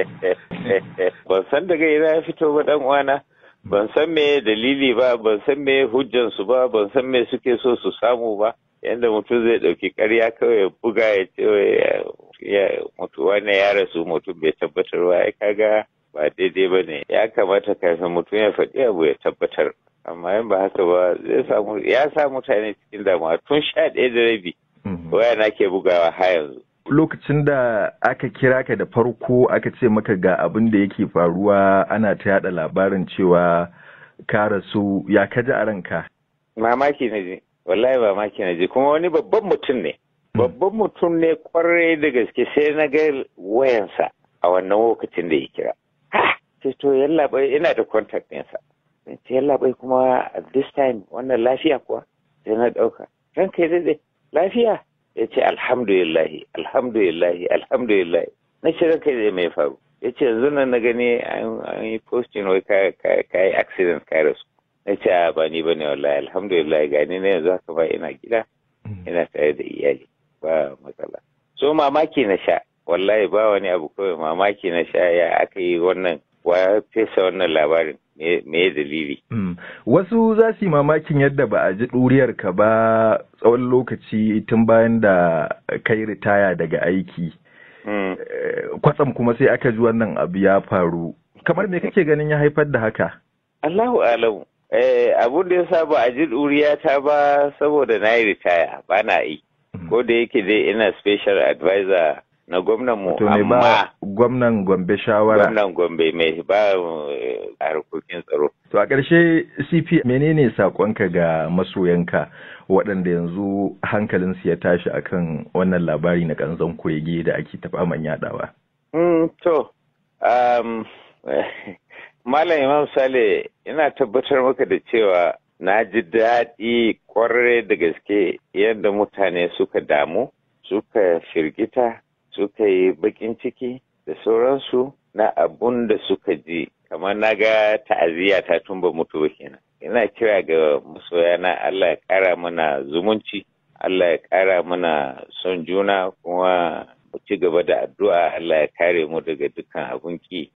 ban san daga ina ya fito ba dan uwana ban san me dalili ba ban san me hujjan su ba ban san me suke so su samu ba yanda mutum zai dauki karya kawai buga ya ce ya mutu wani ya rasu mutum bai tabbatar ba ai kaga ba daidai ba ne ya kamata kafin mutum ya faɗi abu ya tabbatar amma yin ba haka ba zai samu ya sa mutane cikin damuwa tun sha ɗaya da rabi mhm. waya na ke bugawa ha yanzu lokacin da aka kira ka da farko aka ce maka ga abin da yake faruwa ana ta yada labarin cewa ka rasu ya kaji a ranka mamaki na je wallahi mamaki na je kuma wani babban mutum ne hmm. babban mutum ne kwarai da gaske sai na ga wayansa a wannan lokacin da ya kira sai to yalla bai ina da contact ɗinsa sai yalla bai kuma at this time wannan lafiya kuwa sai na ɗauka ranka ya lafiya ya ce alhamdulillahi alhamdulillahi alhamdulillahi na ce ranka da mai faru ya ce yanzu nan na gani an yi postin wai ka yi accident ka rasu na ce a ba ni ba ne wallahi alhamdulillahi gani na yanzu haka ba ina gida mm-hmm. ina tare da iyali ba matsala so mamaki na sha wallahi ba wani abu kawai mamaki na sha ya aka yi wannan wa fesa wannan labarin me dalili. Hmm. Wasu za su yi mamakin yadda ba a ji ɗuriyar ka ba tsawon lokaci tun bayan da kai ritaya daga aiki. Hmm. Eh, kwatsam kuma sai aka ji wannan abu ya faru. Kamar me kake ganin ya haifar da haka? Allahu alam. Eh, abun da ya sa ba a ji ɗuriya ta ba saboda na yi ritaya ba na yi. Hmm. Ko da yake dai ina special advisor na gwamnanmu amma gwamnan gombe shawara gwamnan gombe mai ba eh, harkokin tsaro to a ƙarshe cp menene saƙonka ga masoyanka waɗanda yanzu hankalinsu ya tashi akan wannan labari na kanzon kurege da ake taɓa man yaɗawa mm, to um, Malam Imam Sale ina tabbatar maka da cewa na ji daɗi ƙwararre da gaske yadda mutane suka damu, suka firgita, suka yi bakin ciki da sauransu na abun da suka ji kamar na ga ta'aziyya ta tumba mutu kenan ina kira ga masoya na Allah ya kara mana zumunci Allah ya kara mana son juna kuma ci gaba da addu'a Allah ya kare mu daga dukkan abun ki